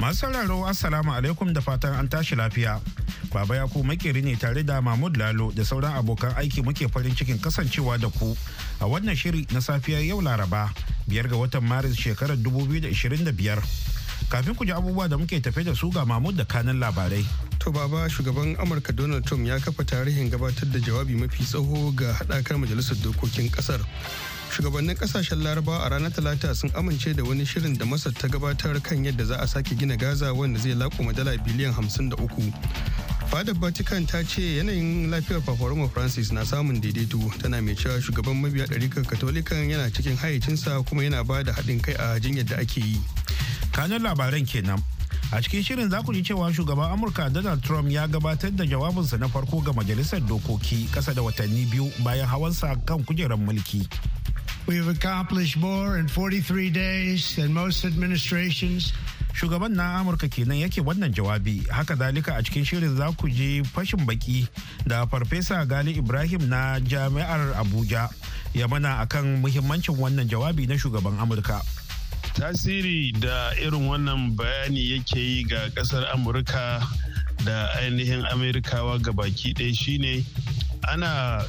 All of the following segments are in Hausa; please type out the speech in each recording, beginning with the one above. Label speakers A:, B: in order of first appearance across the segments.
A: Masu sauraro Assalamu alaikum da fatan an tashi lafiya. Baba ya ku makeri ne tare da Mahmud Lalo da sauran abokan aiki muke farin cikin kasancewa da ku a wannan shiri na safiyar yau Laraba biyar ga watan Maris shekarar 2025. Kafin ku ji abubuwa da muke tafe da su ga Mahmud da kanan labarai.
B: To baba shugaban Amurka Donald Trump ya kafa tarihin gabatar da jawabi mafi tsawo ga haɗakar majalisar dokokin ƙasar. Shugabannin kasashen Laraba a ranar Talata sun amince da wani shirin da Masar ta gabatar kan yadda za a sake gina Gaza wanda zai laƙuma dala biliyan hamsin da uku. Fadar Vatican ta ce yanayin lafiyar Paparoma Francis na samun daidaito tana mai cewa shugaban mabiya ɗarikar Katolikan yana cikin hayacinsa kuma yana ba da haɗin kai a jinyar da ake yi. kanun labaran kenan a
A: cikin shirin za ku ji cewa shugaban amurka donald trump ya gabatar da jawabinsa na farko ga majalisar dokoki kasa da watanni biyu bayan hawansa kan kujerar mulki Shugaban na Amurka kenan yake wannan jawabi, haka zalika a cikin shirin za ku je fashin baki da Farfesa Gali Ibrahim na Jami'ar Abuja ya mana akan muhimmancin wannan jawabi na shugaban Amurka.
C: tasiri da irin wannan bayani yake yi ga kasar amurka da ainihin amerikawa baki ɗaya shine ana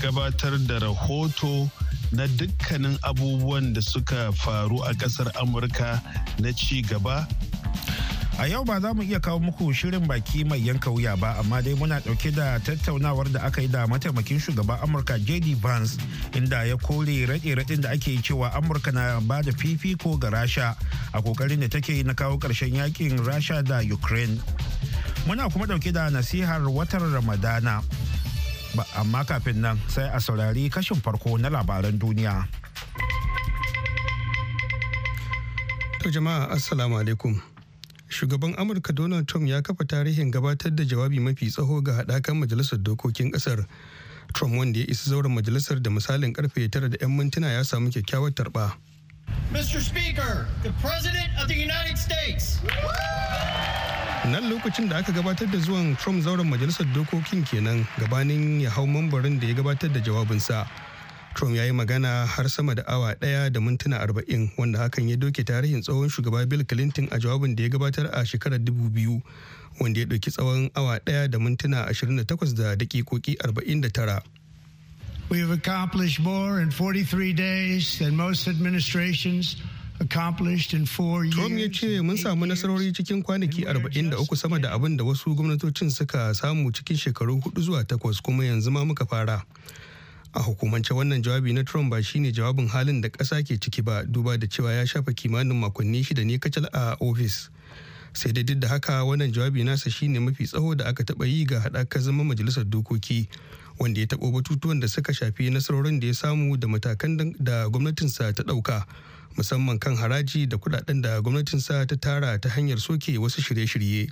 C: gabatar da rahoto na dukkanin abubuwan da suka faru a kasar amurka na ci gaba
A: A yau ba za mu iya kawo muku shirin baki mai yanka wuya ba amma dai muna dauke da tattaunawar da aka yi da mataimakin shugaban Amurka JD Vance inda ya kore raɗe-raɗin da ake cewa Amurka na ba da fifiko ga Rasha a kokarin da take na kawo karshen yakin Rasha da Ukraine. Muna kuma dauke da nasihar watan Ramadana. ba Amma kafin nan sai a saurari kashin farko na labaran duniya.
B: To jama'a Assalamu alaikum. shugaban amurka donald trump ya kafa tarihin gabatar da jawabi mafi tsaho ga haɗakan majalisar dokokin ƙasar trump wanda ya isa zauren majalisar da misalin karfe 9 da 'yan mintuna ya samu kyakkyawar tarba
D: Mr. Speaker, the President of the United States.
B: Nan lokacin da aka gabatar da zuwan Trump zauren majalisar dokokin kenan gabanin ya hau mambarin da ya gabatar da jawabinsa. Trump ya yi magana har sama da awa ɗaya da mintuna arba'in wanda hakan ya doke tarihin tsohon shugaba Bill Clinton a jawabin da ya gabatar a shekarar dubu wanda ya ɗauki tsawon awa ɗaya da mintuna 28 da dakikoki 49. We have accomplished more in 43 days than most administrations Trump ya ce mun samu nasarori cikin kwanaki 43 sama da abin da wasu gwamnatocin suka samu cikin shekaru hudu zuwa takwas kuma yanzu ma muka fara. a hukumance wannan jawabi na trump ba shine jawabin halin da ƙasa ke ciki ba duba da cewa ya shafa kimanin makonni shida ne kacal a ofis sai dai duk da haka wannan jawabi nasa shine mafi tsawo da aka taɓa yi ga haɗakar zama majalisar dokoki wanda ya taɓo batutuwan da suka shafi nasarorin da ya samu da matakan da gwamnatinsa ta ɗauka musamman kan haraji da kuɗaɗen da gwamnatinsa ta tara ta hanyar soke wasu shirye-shirye.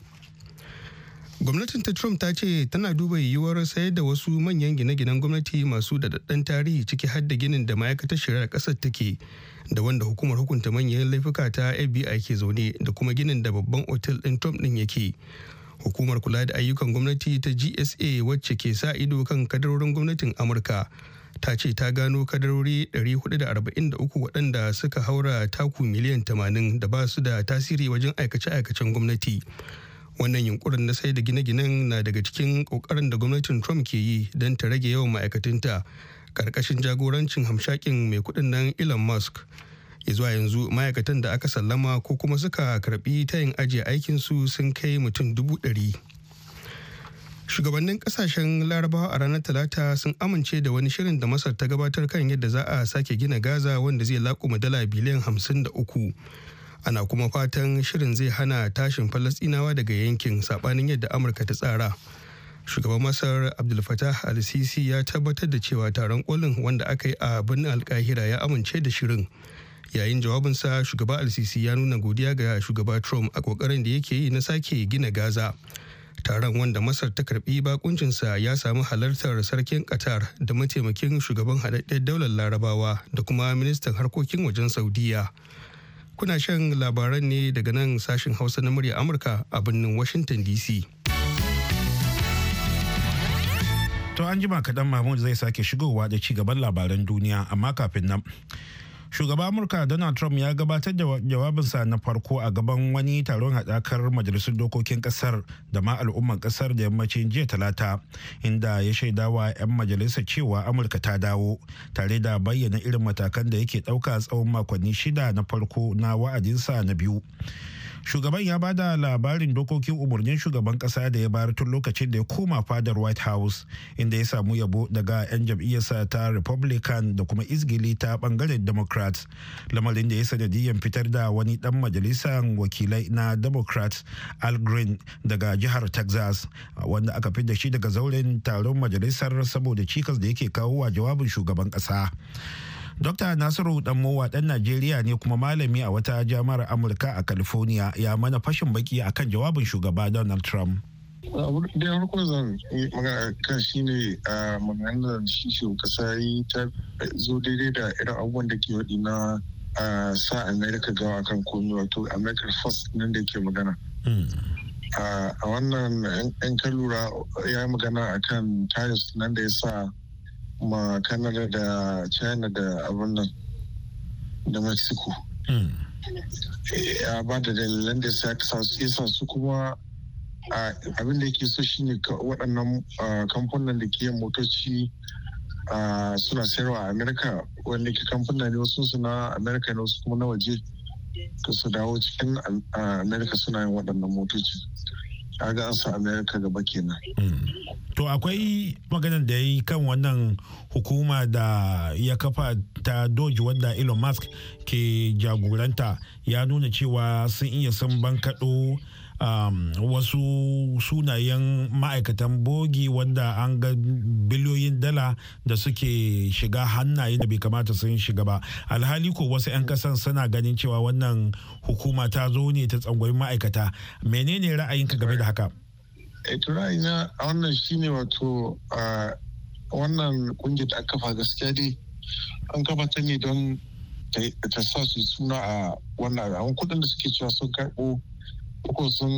B: gwamnatin ta trump ta ce tana duba yiwuwar sayar da wasu manyan gine-ginen gwamnati masu daɗaɗɗen tarihi ciki har da ginin da ma'aikatar shari'ar ƙasar take da wanda hukumar hukunta manyan laifuka ta fbi ke zaune da kuma ginin da babban otel ɗin trump ɗin yake hukumar kula da ayyukan gwamnati ta gsa wacce ke sa ido kan kadarorin gwamnatin amurka ta ce ta gano kadarori 443 waɗanda suka haura taku miliyan 80 da ba su da tasiri wajen aikace-aikacen gwamnati wannan yunkurin na sai da gine-ginen na daga cikin kokarin da gwamnatin trump ke yi don ta rage yawan ma'aikatinta karkashin jagorancin hamshakin mai kudin nan elon musk ya zuwa yanzu ma'aikatan da aka sallama ko kuma suka karbi tayin ajiye aikinsu sun kai mutum dubu ɗari shugabannin kasashen larabawa a ranar talata sun amince da wani shirin da masar ta gabatar kan yadda za a sake gina gaza wanda zai laƙuma dala biliyan hamsin da uku ana kuma fatan shirin zai hana tashin falasɗinawa daga yankin saɓanin yadda amurka ta tsara shugaban masar abdul fatah al-sisi ya tabbatar da cewa taron kolin wanda aka yi a birnin alkahira ya amince da shirin yayin jawabinsa shugaba al-sisi ya nuna godiya ga shugaba trump a kokarin da yake yi na sake gina gaza taron wanda masar ta karbi bakuncinsa ya samu halartar sarkin qatar da mataimakin shugaban haɗaɗɗen daular larabawa da kuma ministan harkokin wajen saudiya kuna shan labaran ne daga nan sashen hausa na murya amurka a birnin washington dc
A: to an jima kaɗan mahmud zai sake shigowa da ci gaban labaran duniya amma kafin nan shugaban amurka donald trump ya gabatar da jawabinsa na farko a gaban wani taron haɗakar majalisar dokokin ƙasar da ma al'umman ƙasar da yammacin jiya talata inda ya shaida wa 'yan majalisa cewa amurka ta dawo tare da bayyana irin matakan da yake ɗauka tsawon makonni shida na farko na wa'adinsa na biyu shugaban ya bada labarin dokokin umarnin shugaban kasa da ya bayar tun lokacin da ya koma fadar white house inda ya samu yabo daga 'yan jam'iyyarsa ta republican da kuma izgili ta bangaren democrats lamarin da ya sanadiyyar fitar da wani dan majalisar wakilai na democrats al green daga jihar texas wanda aka fi da shi daga zauren taron majalisar saboda cikas da yake kawo wa jawabin shugaban kasa Dr. Nasiru Danmowa ɗan Najeriya ne kuma malami a wata jami'ar Amurka a California ya mana fashin baki akan jawabin shugaba Donald Trump.
E: da farko zan magana kan shi ne a maganar shi shugaban kasa yi ta zo daidai da irin abubuwan da ke waɗi na sa Amerika gawa kan komi wato america first nan da ke magana hmm. a wannan yan lura ya yi magana akan tarihi nan da ya sa ma Canada da China da abin nan da Mexico. Hmm. Eh, ya ba da dalilan da ya sa su kuma abin da yake so shine waɗannan kamfanin da ke yin motoci suna sayarwa a Amerika wanda ke kamfanin ne wasu suna Amerika ne wasu kuma na waje ka su dawo cikin Amerika suna yin waɗannan motoci. kaga an gaba kenan mm.
A: to akwai maganar da ya yi kan wannan hukuma da ya kafa ta doji wanda elon musk ke jagoranta ya nuna cewa sun iya sun bankaɗo um, wasu sunayen ma'aikatan bogi wanda an ga biliyoyin dala da suke shiga hannaye da bai kamata sun shiga ba alhali ko wasu 'yan kasan suna ganin cewa wannan hukuma ta zo ne ta tsangwami ma'aikata menene ra'ayinka game da haka
E: eh, a wannan shine wato wannan kungiyar da aka kafa gaskiya dai an kafa ta ne don ta sa su suna a wannan kudin da suke cewa sun karɓo uku sun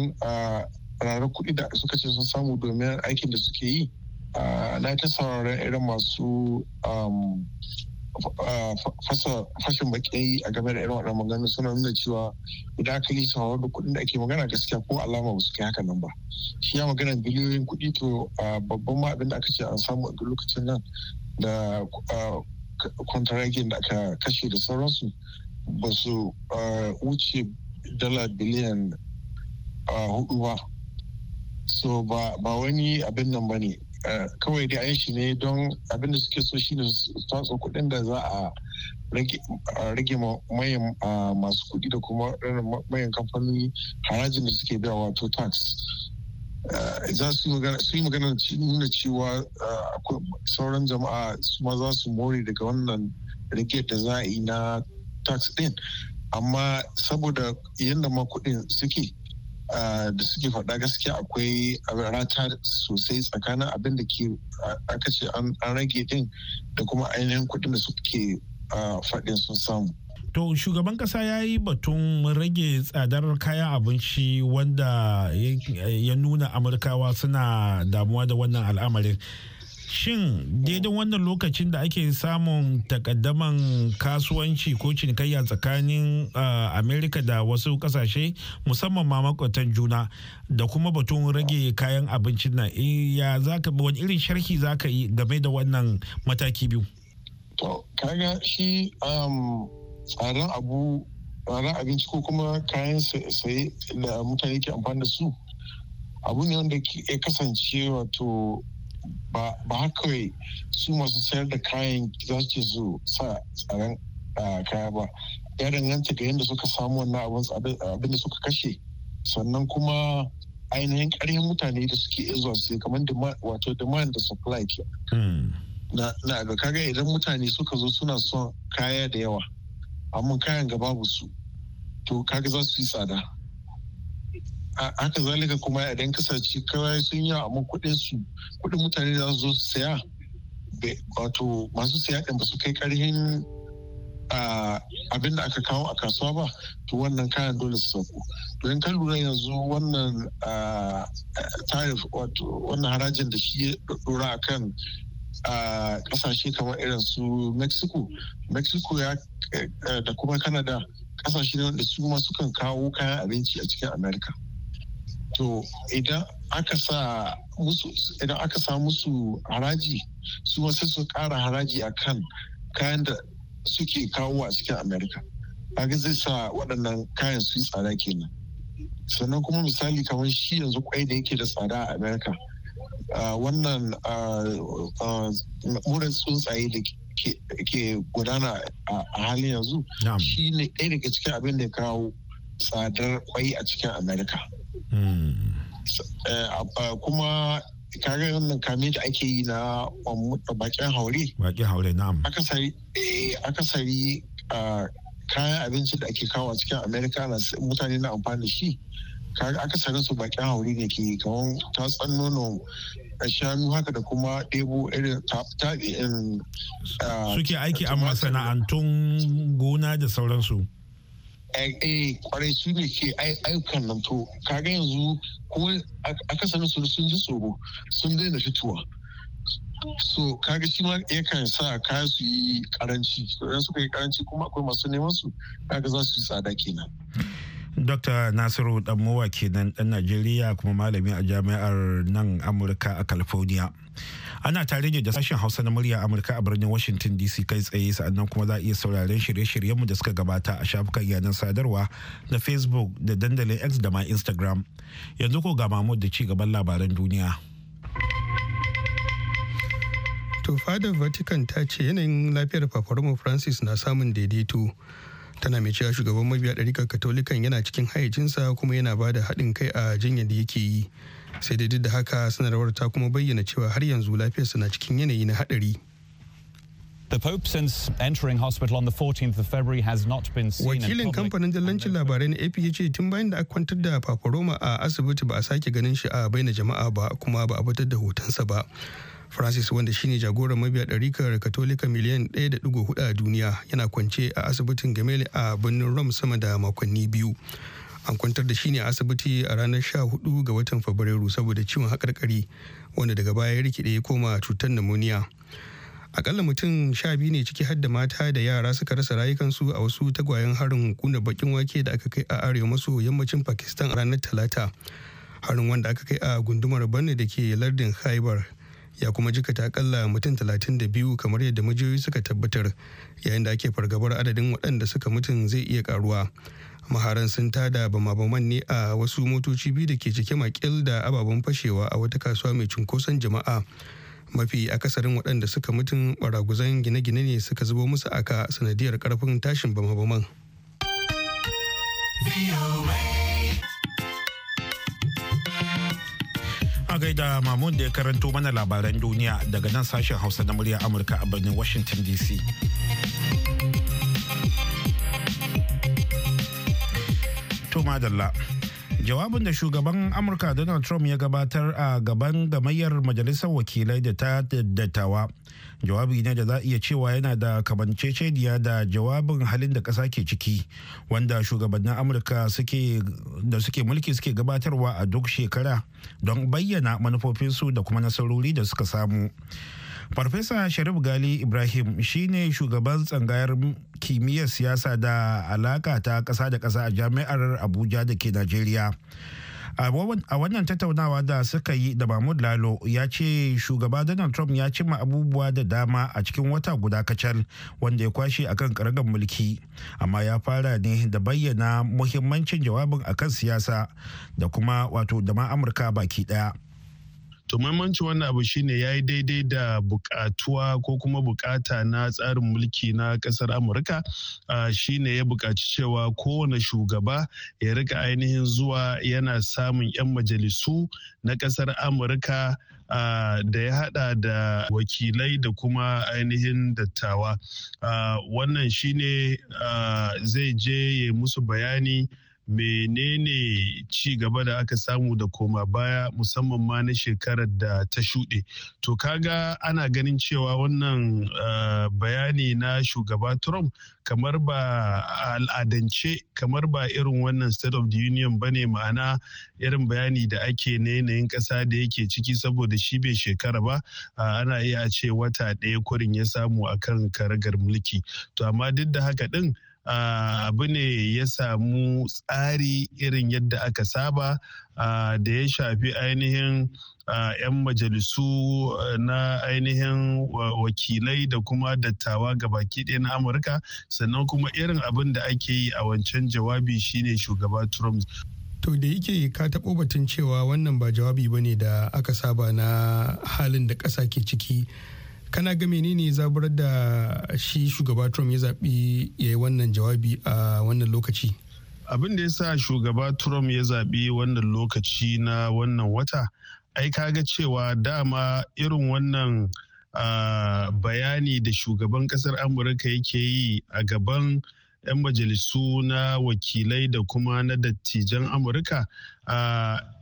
E: rarar kuɗi da suka ce sun samu domin aikin da suke yi na ta sauraron irin masu fashin yi a game da irin waɗannan magana suna nuna cewa idan aka yi sauraron da kuɗin da ake magana gaskiya ko alama ba su kai haka nan ba shi ya magana biliyoyin kuɗi to babban ma abin da aka ce an samu a lokacin nan da kwantaragin da aka kashe da sauransu ba su wuce dala biliyan hudu ba so ba wani abin nan ba ne kawai dai an shi ne don abin da suke so shine su tatso kuɗin da za a rage mayan masu kuɗi da kuma mayan kamfanoni harajin da suke biya wato tax za su yi magana nuna cewa sauran jama'a su ma za su more daga wannan rage da za a yi na tax din amma saboda yadda ma kuɗin suke da suke faɗa gaskiya akwai rata sosai tsakanin abin da aka ce an rage din da kuma ainihin kuɗin da suke faɗin sun samu.
A: To shugaban ƙasa ya yi batun rage tsadar kayan abinci wanda ya nuna Amurkawa suna damuwa da wannan al'amarin. shin daidai wannan lokacin da ake samun takaddaman kasuwanci ko cinikayya tsakanin ah, amerika da wasu kasashe musamman ma makwatan juna da kuma batun rage kayan abincin nan eh, ya zaka wani irin sharhi zaka yi game da wannan mataki biyu
E: to kaga shi um, tsarin abu tsarin abinci ko kuma kayan saye da mutane ke amfani da su abu ne wanda ya kasance wato ba kawai su masu sayar da kayan za su zo sa tsaron kaya ba ya danganta ga yadda suka samu wannan abin da suka kashe sannan kuma ainihin ƙarfin mutane da suke zuwa su kamar wato demand da supply ke hmm. na ga kaga idan mutane suka zo suna son kaya da yawa amma kayan ga babu su to kaga za su yi tsada haka zalika kuma idan kasashe kawai sun yi amma kuɗin su kuɗin mutane za su zo su saya wato masu saya ɗin ba su kai ƙarhin abin da aka kawo a kasuwa ba to wannan kayan dole su sauko to in kan lura yanzu wannan tarif wato wannan harajin da shi ya dora a kan kasashe kamar irin su mexico mexico ya eh, da kuma canada kasashe ne wanda su ma sukan kawo kayan abinci a cikin america to idan aka sa musu idan aka sa musu haraji su sai su kara haraji a kan kayan da suke kawo a cikin amerika kaga zai sa waɗannan kayan su tsada kenan sannan kuma misali kamar shi yanzu kwai da yake da tsada a amerika wannan murar tsuntsaye da ke gudana a halin yanzu shi ne ɗaya daga cikin abin da ya kawo tsadar kwai a cikin amerika Eh, kuma kare wannan kame da ake yi na bakin haure
A: bakin haure na'am
E: akasari eh akasari kayan abinci da ake kawo cikin america na mutane na amfani da shi kare akasarin su bakin haure ne ke kawon tatsan nono shanu haka da kuma ɗebo irin taɗi suke aiki a
A: masana'antun gona
E: da sauransu a eh, kwarai su ne ke ayyukan nan to kaga yanzu kuma akasarin su sun ji tsoro sun daina fitowa so kaga shi ma yakan sa ka su yi karanci to idan suka yi karanci kuma akwai masu neman su kaga za su yi tsada kenan
A: Dr. Nasiru Danmowa kenan ɗan Najeriya kuma malami a jami'ar nan Amurka a California. Ana tare ne da sashen Hausa na murya Amurka a birnin Washington DC kai tsaye sa'annan kuma za a iya sauraren shirye-shiryenmu da suka gabata a shafukan yanar sadarwa na Facebook da dandalin X da ma Instagram. Yanzu ko ga Mahmud da ci gaban labaran duniya.
B: To fadar Vatican ta ce yanayin lafiyar Paparoma Francis na samun daidaito. tana mai cewa shugaban mabiya ɗarikar katolikan yana cikin hayyacinsa kuma yana ba da haɗin kai a jinyar da yake yi sai dai duk da haka sanarwar ta kuma bayyana cewa har yanzu lafiyarsa na cikin yanayi na haɗari. The Pope, since entering hospital th of February, has not been seen Wakilin kamfanin dallancin labarai na AP ya ce tun bayan da aka kwantar da Papa a asibiti ba a sake ganin shi a baina jama'a ba kuma ba a batar da hotonsa ba. francis wanda shine jagoran mabiya ɗarikar katolika miliyan 1.4 a duniya yana kwance a asibitin gamele a birnin rome sama da makonni biyu an kwantar da shi ne a asibiti a ranar 14 ga watan fabrairu saboda ciwon haƙarƙari wanda daga baya ya rikide ya koma cutar pneumonia akalla mutum sha biyu ne ciki har da mata da yara suka rasa rayukansu a wasu tagwayen harin kuna bakin wake da aka kai a arewa maso yammacin pakistan a ranar talata harin wanda aka kai a gundumar birnin da ke lardin khaibar ya kuma jika jikata akalla mutum 32 kamar yadda majiyoyi suka tabbatar yayin da ake fargabar adadin waɗanda suka mutum zai iya karuwa maharan sun tada bama-baman ne a wasu motoci biyu da ke cike makil da ababen fashewa a wata kasuwa mai cunkoson jama'a mafi akasarin waɗanda suka mutum baraguzan gine-gine ne suka zubo musu aka sanadiyar karfin tashin bama-baman.
A: a gaida mamun da ya karanto mana labaran duniya daga nan sashen hausa na murya amurka a birnin washington dc madalla jawabin da shugaban amurka donald trump ya gabatar a gaban gamayyar majalisar wakilai da ta dattawa jawabi ne da za iya cewa yana da kamanceceniya da jawabin halin da ƙasa ke ciki wanda shugabannin amurka da suke mulki suke gabatarwa a duk shekara don bayyana manufofinsu da kuma nasarori da suka samu farfesa sharif gali ibrahim shine shugaban tsangayar kimiyyar siyasa da alaka ta ƙasa da ƙasa a jami'ar abuja da ke najeriya a wannan tattaunawa da suka yi da mahmud lalo ya ce shugaba donald trump ya cimma abubuwa da dama a cikin wata guda kacal wanda ya kwashe akan karagar mulki amma ya fara ne da bayyana muhimmancin jawabin akan siyasa da kuma wato da ma amurka baki daya
C: To muhimmanci wannan abu shine ya yi daidai da bukatuwa ko kuma bukata na tsarin mulki na kasar Amurka shine ya bukaci cewa kowane shugaba ya rika ainihin zuwa yana samun 'yan majalisu na kasar Amurka da ya hada da wakilai da kuma ainihin dattawa. Wannan shine zai je ya musu bayani. menene ci gaba da aka samu da koma baya musamman ma na shekarar da ta shuɗe to kaga ana ganin cewa wannan uh, bayani na shugaba trump kamar ba al'adance kamar ba irin wannan state of the union bane ma'ana irin bayani da ake na yanayin ƙasa da yake ciki saboda shi bai shekara ba uh, ana iya ce wata ɗaya kurin ya samu akan karagar mulki to amma duk da haka ɗin Ah, abu ne ya samu tsari irin yadda aka saba ah, da ya shafi ainihin yan ah, majalisu eh, na ainihin wakilai da kuma dattawa ga baki ɗaya na amurka sannan kuma irin abin da ake yi a wancan jawabi shine shugaba trump
B: to da yake ka taɓo batun cewa wannan ba jawabi ba ne da aka saba na halin da ƙasa ke ciki kana ga menene zaburar da shi shugaba trump ya zaɓi ya yi wannan jawabi a wannan lokaci
C: abin da ya sa shugaba trump ya zaɓi wannan lokaci na wannan wata ai kaga cewa dama irin wannan bayani da shugaban ƙasar amurka yake yi a gaban 'yan majalisu na wakilai da kuma na dattijan amurka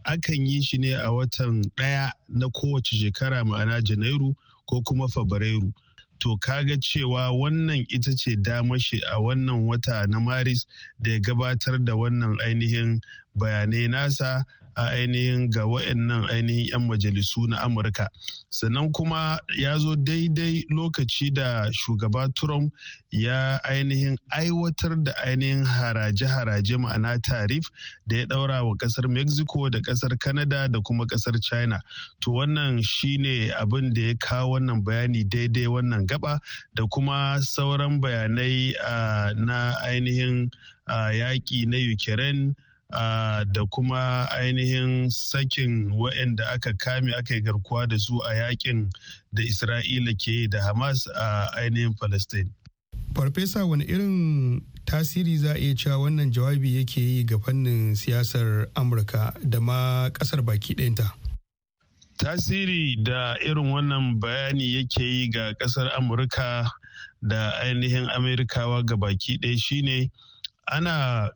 C: akan yi shi ne a watan ɗaya na kowace shekara ma'ana janairu ko kuma fabrairu to kaga cewa wannan ita ce damashi a wannan wata na maris da ya gabatar da wannan ainihin bayanai nasa a ainihin ga wa'annan ainihin 'yan majalisu na amurka sannan kuma ya zo daidai lokaci da shugaba trump ya ainihin aiwatar da ainihin haraje-haraje ma'ana tarif da ya daura wa kasar mexico da kasar canada da kuma kasar china to wannan shine abin da ya kawo wannan bayani daidai wannan gaba da kuma sauran bayanai ah, na ainihin ah, yaƙi na ukraine da kuma ainihin sakin waɗanda aka kame aka yi garkuwa da su a yakin da isra'ila ke da hamas a ainihin palestine
B: farfesa wani irin tasiri za a iya cewa wannan jawabi yake yi ga fannin siyasar amurka da ma ƙasar baki ɗinta?
C: tasiri da irin wannan bayani yake yi ga ƙasar amurka da ainihin amerikawa ga baki ɗaya shine ana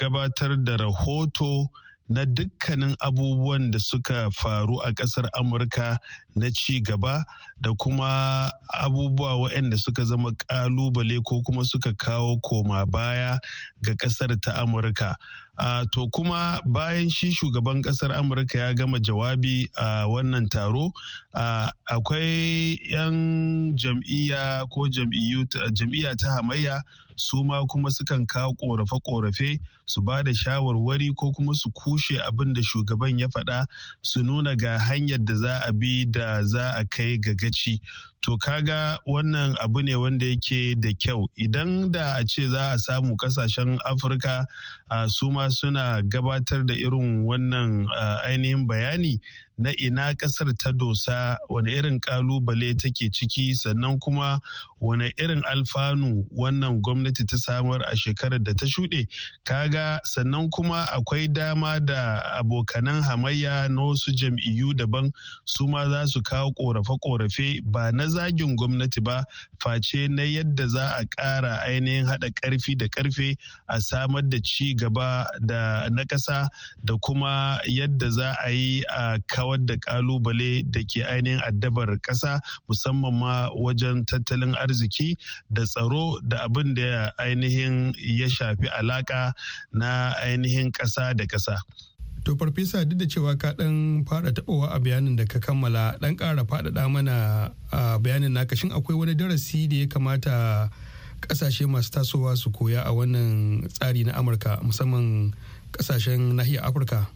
C: gabatar da rahoto na dukkanin abubuwan da suka faru a ƙasar amurka na ci gaba da kuma abubuwa waɗanda suka zama ƙalubale ko kuma suka kawo koma baya ga ƙasar ta amurka Uh, to kuma bayan shi shugaban kasar amurka ya gama jawabi a wannan taro uh, akwai 'yan jam'iyya ko jam'iyya ta hamayya su ma kuma sukan kawo korafe-korafe su ba da shawarwari ko kuma su kushe abin da shugaban ya faɗa su nuna ga hanyar da za a bi da za a kai ga gaci to kaga wannan abu ne wanda yake da kyau idan da a ce za a samu kasashen afirka su ma suna gabatar da irin wannan ah, ainihin bayani na ina kasar ta dosa wani irin kalubale take ciki sannan kuma wani irin alfanu wannan gwamnati ta samar a shekarar da ta shuɗe kaga sannan kuma akwai dama da abokanan hamayya na wasu jam'iyyu daban su ma za su kawo korafe-korafe ba na zagin gwamnati ba face na yadda za a ƙara ainihin haɗa ƙarfi da ƙarfe a samar da ci gaba da na ƙasa da kuma yadda za a yi a kawai. kawar da kalubale da ke ainihin addabar ƙasa musamman ma wajen tattalin arziki da tsaro da abin da ainihin ya shafi alaka na ainihin ƙasa da kasa.
B: To farfesa duk da cewa ka dan fara taɓawa a bayanin da ka kammala dan ƙara faɗaɗa mana a bayanin naka shin akwai wani darasi da ya kamata ƙasashe masu tasowa su koya a wannan tsari na Amurka musamman ƙasashen nahiyar Afirka?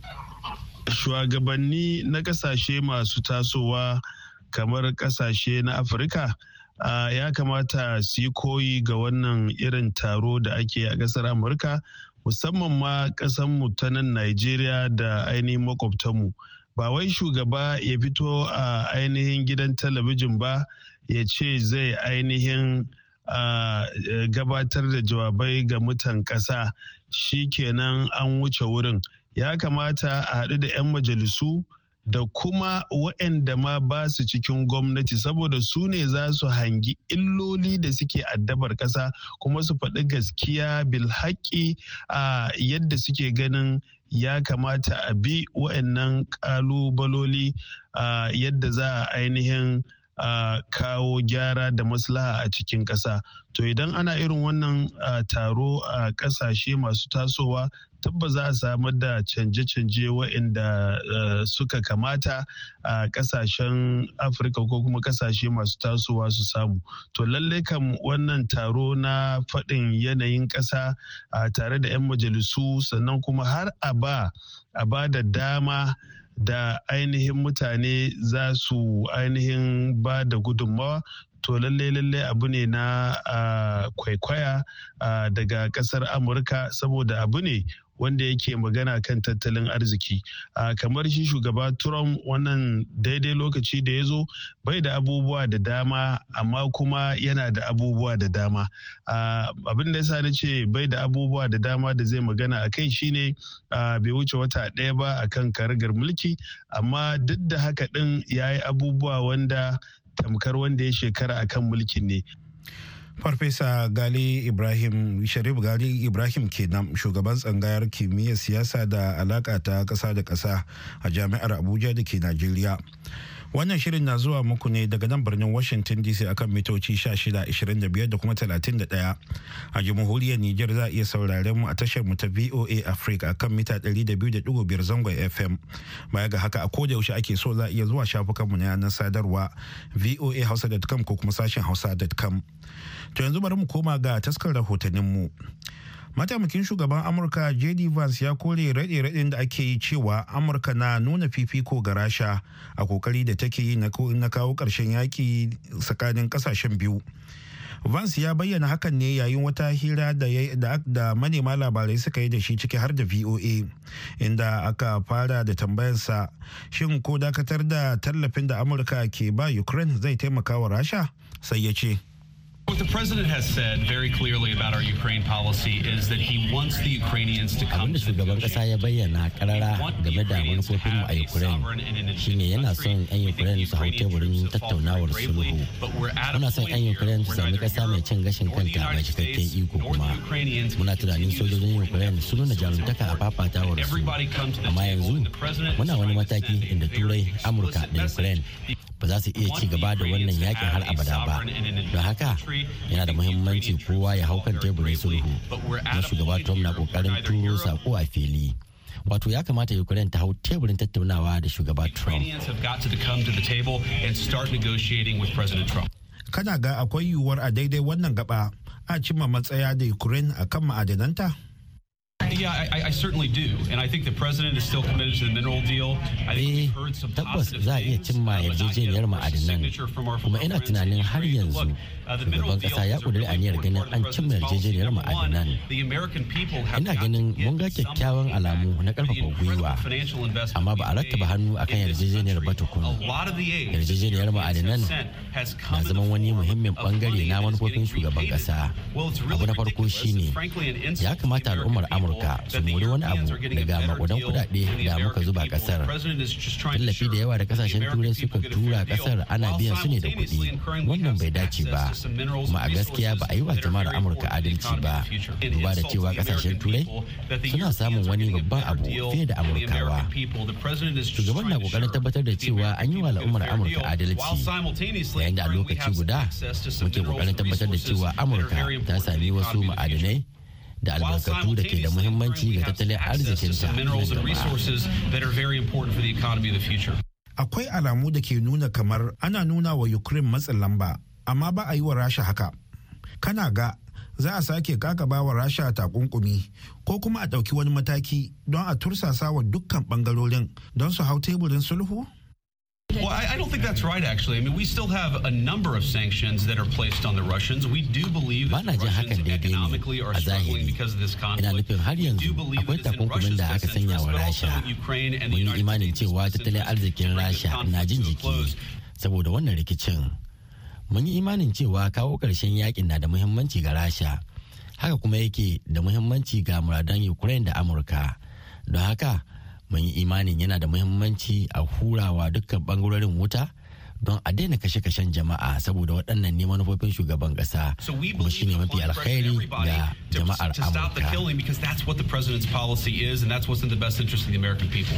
C: shugabanni na kasashe masu tasowa kamar kasashe na afirka uh, ya kamata su yi koyi ga wannan irin taro da ake a kasar amurka musamman ma kasanmu ta nan nigeria da ainihin makwabtanmu ba wai shugaba ya fito a ainihin gidan talabijin ba ya ce zai ainihin uh, gabatar da jawabai ga mutan ƙasa kenan an wuce wurin ya kamata a haɗu da 'yan majalisu da kuma waɗanda ma ba su cikin gwamnati saboda su ne za su hangi illoli da suke addabar ƙasa kuma su faɗi gaskiya bilhaƙi a yadda suke ganin ya kamata a bi waɗannan ƙalubaloli yadda za a ainihin a kawo gyara da maslaha a cikin ƙasa. To idan ana irin wannan uh, taro a uh, ƙasashe masu tasowa tabbas za a samar da canje-canje waɗanda eh, suka kamata a kasashen afirka ko kuma kasashe masu tasowa su samu to lallai kan wannan taro na faɗin yanayin ƙasa tare da 'yan majalisu sannan kuma har a ba a ba da dama da ainihin mutane za su ainihin ba da gudunmawa to lallai lallai abu ne na kwaikwaya daga kasar amurka saboda abu ne wanda yake magana kan tattalin arziki kamar shi shugaba trump wannan daidai lokaci da ya zo bai da abubuwa da dama amma kuma yana da abubuwa da dama abin da yasa na ce bai da abubuwa da dama da zai magana a kai shine bai wuce wata ɗaya ba a kan karagar mulki amma duk da haka ɗin ya yi abubuwa wanda tamkar wanda ya shekara akan mulkin ne
A: farfesa gali ibrahim sharif gali ibrahim kenan shugaban tsangayar kimiyyar siyasa da alaka ta ƙasa da ƙasa a jami'ar abuja da ke najeriya Wannan shirin na zuwa muku ne daga nan birnin Washington DC akan mitoci 1625 da kuma 31. A jamhuriyar niger za a iya sauraren mu a tashar mu ta VOA Africa akan mita 200.5 zangon FM. Baya ga haka a koda yaushe ake so za a iya zuwa shafukan mu na yanar sadarwa hausa.com ko kuma sashen hausa.com. To yanzu bari mu koma ga taskar rahotannin mu. mataimakin shugaban amurka jd vance ya kore raɗe-raɗin da ake yi cewa amurka na nuna fifiko ga rasha a kokari da take yi na kawo ƙarshen yaƙi tsakanin ƙasashen biyu vance ya bayyana hakan ne yayin wata hira da manema labarai suka yi da shi ciki har da voa inda aka fara da tambayarsa shin ko dakatar da tallafin da amurka ke ba ukraine zai taimaka wa rasha sai ya ce
D: What the president has said very clearly about our Ukraine policy is that he wants the Ukrainians to come to shugaban kasa ya bayyana karara game da manufofin a Ukraine shine yana son 'yan Ukraine su hau teburin tattaunawar sulhu. Muna son 'yan Ukraine su sami kasa mai cin gashin kanta mai cikakken iko kuma. Muna tunanin sojojin Ukraine su nuna jaruntaka a fafatawar su. Amma yanzu muna wani mataki inda Turai, Amurka da Ukraine ba za su iya ci gaba da wannan yakin har abada ba. Don haka yana da muhimmanci kowa ya hau kan teburin sulhu na shugaba trump na kokarin turo sako a fili wato ya kamata ukraine ta hau teburin tattaunawa da shugaba trump
A: kana ga akwai yiwuwar a daidai wannan gaba a cimma matsaya da ukraine akan ma'adananta
D: Yeah, I, I, certainly do. And I think the president is still committed to the mineral deal. I think we've eh, heard some positive things, but not yet, of signature from our former in Ukraine. But look, uh, the mineral deal is a really important Kuma ina tunanin har yanzu shugaban kasa ya kudiri aniyar ganin an cimma yarjejeniyar ma'adanan. Ina ganin mun ga kyakkyawan alamu na karfafa gwiwa, amma ba a rattaba hannu akan yarjejeniyar ba tukuna. Yarjejeniyar ma'adanan na zaman wani muhimmin bangare na manufofin shugaban kasa. Abu na farko shine ya kamata al'ummar Amurka amurka sun muri wani abu daga makudan kudade da muka zuba kasar tallafi da yawa da kasashen turai suka tura kasar ana biyan su ne da kuɗi wannan bai dace ba kuma a gaskiya ba a yi wa jama'ar amurka adalci ba duba da cewa kasashen turai suna samun wani babban abu fiye da amurkawa shugaban na kokarin tabbatar da cewa an yi wa al'ummar amurka adalci yayin da a lokaci guda muke kokarin tabbatar da cewa amurka ta sami wasu ma'adanai da albarkatu da ke da muhimmanci ga tattalin arzikinta.
A: Akwai alamu da ke nuna kamar ana nuna wa Ukraine matsin lamba, amma ba a yi wa Rasha haka. Kana ga za a sake kakaba wa Rasha takunkumi ko kuma a ɗauki wani mataki don a tursasa wa dukkan bangarorin don su hau teburin sulhu? Well, I, I, don't think
D: that's right, actually. I mean, we still have a number of sanctions that are placed on the Russians. We do believe that the Russians economically are struggling because of this conflict. We do believe that it's in Russia's best interest, but also in Ukraine and the United States best specifically to bring the conflict to a close. saboda wannan rikicin mun yi imanin cewa kawo ƙarshen yakin na da muhimmanci ga rasha haka kuma yake da muhimmanci ga muradan ukraine da amurka don haka mun yi imanin yana da muhimmanci a hurawa dukkan bangarorin wuta don a daina kashe-kashen jama'a saboda waɗannan ne manufofin shugaban ƙasa kuma shi ne mafi alkhairi ga jama'ar amurka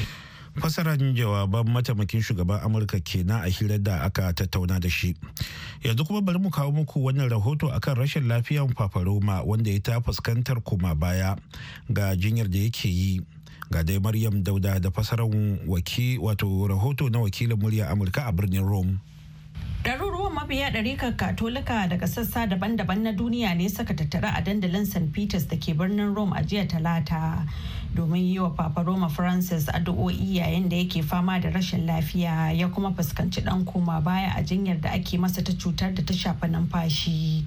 A: fasaran jawaban mataimakin shugaban amurka ke na a hirar da aka tattauna da shi yanzu kuma bari mu kawo muku wannan rahoto akan rashin lafiyan fafaroma wanda ya ta fuskantar kuma baya ga jinyar da yake yi ga dai maryam dauda da fasarar waki wato rahoto na wakilin murya amurka a birnin rome
F: Ɗaruruwan mabiya ɗarikar Katolika daga sassa daban-daban na duniya ne suka tattara a dandalin St. Peters da ke birnin Rome a jiya Talata domin yi wa Papa Roma Francis addu'o'i yayin da yake fama da rashin lafiya ya kuma fuskanci ɗan koma baya a jinyar da ake masa ta cutar da ta shafa numfashi.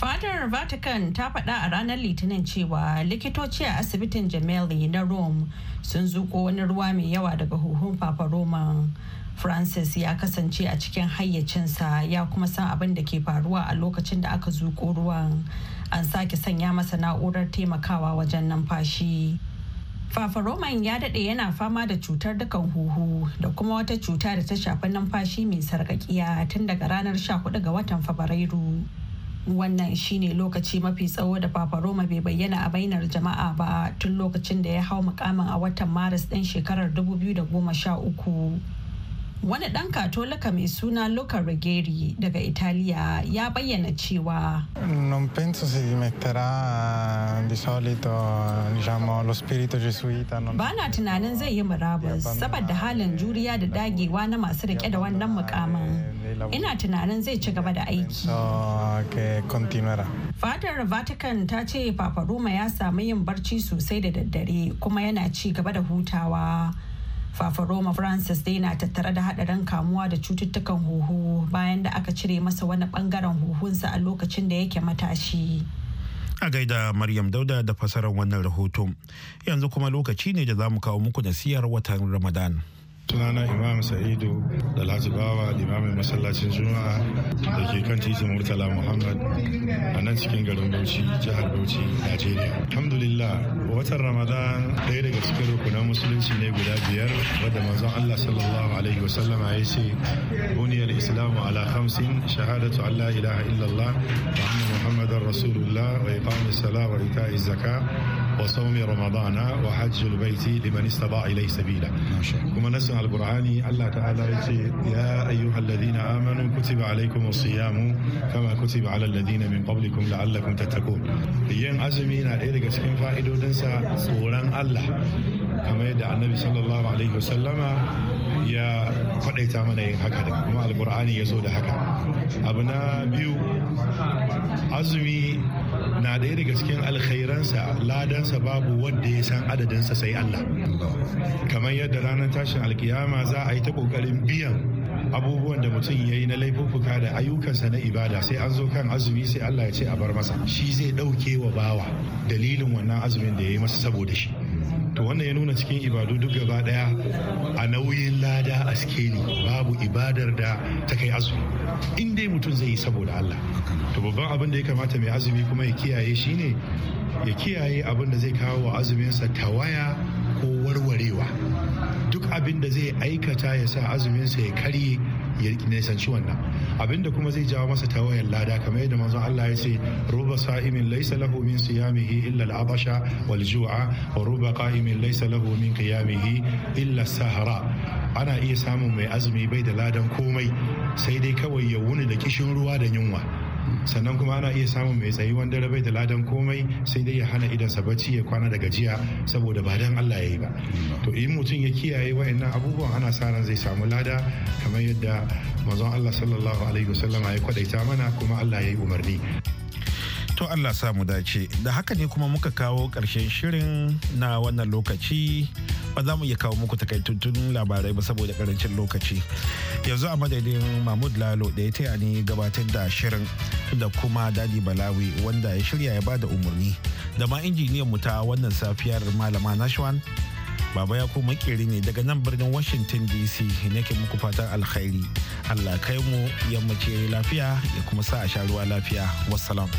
F: Fadar Vatican ta faɗa a ranar Litinin cewa likitoci a asibitin Gemelli na Rome sun zuko wani ruwa mai yawa daga huhun Papa Roman. Francis ya kasance a cikin hayyacinsa ya kuma san abin da ke faruwa a lokacin da aka zuko ruwan. An sake sanya masa na'urar taimakawa wajen numfashi. Fafa Roman ya daɗe yana fama da cutar dukan huhu da kuma wata cuta da ta shafi numfashi mai sarƙaƙiya tun daga ranar 14 ga watan Fabrairu. wannan shine lokaci mafi tsawo da papa roma bai bayyana a bainar jama'a ba tun lokacin da ya hau mukamin a watan maris ɗin shekarar 2013 wani ɗan katolika mai suna luca Rigeri daga italiya ya bayyana cewa
E: non penso si dimetterà eh, di solito diciamo lo spirito gesuita non na
F: tunanin zai yi murabus saboda halin juriya da dagewa na masu rike da wannan mukamin ina tunanin zai ci gaba da aiki fadar vatican ta ce papa roma ya samu yin barci sosai da daddare kuma yana ci gaba da hutawa Fafaroma Francis dai na tattare da hadarin kamuwa da cututtukan huhu bayan da aka cire masa wani bangaren huhunsa a lokacin da yake matashi.
A: A gaida Maryam Dauda da fasarar wannan rahoton. Yanzu kuma lokaci ne da za mu kawo muku da siyar watan Ramadan. sunana imam sa'idu da lazibawa limamin masallacin
G: juma'a da ke kan titin murtala muhammad a nan cikin garin bauchi jihar bauchi najeriya alhamdulillah watan ramadan ɗaya daga cikin rukunan musulunci ne guda biyar wadda manzon allah sallallahu alaihi wasallam ya ce buniyar islamu ala hamsin shahadatu allah ilaha illallah wa rasulullah wa iqamis sala wa ita'iz zaka وصوم رمضان وحج البيت لمن استطاع إليه سبيلا ما شاء الله كما نسمع القرآن الله تعالى يا أيها الذين آمنوا كتب عليكم الصيام كما كتب على الذين من قبلكم لعلكم تتقون yin azumi na ɗaya daga cikin fa'idodinsa tsoron Allah kamar yadda annabi sallallahu alaihi wasallama ya faɗaita mana yin haka da kuma alkur'ani ya zo da haka abu na biyu azumi na daya daga cikin alkhairansa ladansa babu wanda ya san adadinsa sai Allah kamar yadda ranar tashin alkiyama za a yi ta kokarin biyan abubuwan da mutum ya yi na laifuffuka da ayyukansa na ibada sai an zo kan azumi sai Allah ya ce a bar masa shi zai ɗauke wa bawa dalilin wannan azumin da ya yi masa saboda shi to wannan ya nuna cikin ibadu duk gaba daya a nauyin lada a skeli babu ibadar da ta kai azumi in dai mutum zai yi saboda Allah to babban abin da ya kamata mai azumi kuma ya kiyaye shine ya kiyaye abin da zai kawo wa azuminsa tawaya ko warwarewa duk abin da zai aikata ya sa azuminsa ya karye ya nisanci wannan abinda kuma zai jawo masa tawayar lada kamar yadda manzon Allah ya ce ruba sa'imin laysa lahu min siyamihi illa al-atasha wal ju'a wa ruba qa'imin laysa lahu min qiyamihi illa sahara ana iya samun mai azumi bai da ladan komai sai dai kawai ya wuni da kishin ruwa da yunwa sannan kuma ana iya samun mai tsayi wanda rabai da ladan komai sai dai ya hana idan bacci ya kwana da gajiya saboda ba dan Allah ya yi ba mm-hmm. to in mutum ya kiyaye wa'annan abubuwan ana sa ran zai samu lada kamar yadda manzon Allah sallallahu
A: alaihi wasallama ya kwadaita mana kuma Allah ya yi umarni To Allah samu dace da haka ne kuma muka kawo ƙarshen shirin na wannan lokaci ba za mu iya kawo muku takaitattun labarai ba saboda karancin lokaci yanzu a madadin mahmud lalo da ya taya ni gabatar da shirin da kuma dadi balawi wanda ya shirya ya bada umarni da ma injiniyan mu ta wannan safiyar malama nashwan baba ya kuma makeri ne daga nan birnin washington dc nake muku fatan alkhairi allah kai mu yammace lafiya ya kuma sa a sha ruwa lafiya wassalam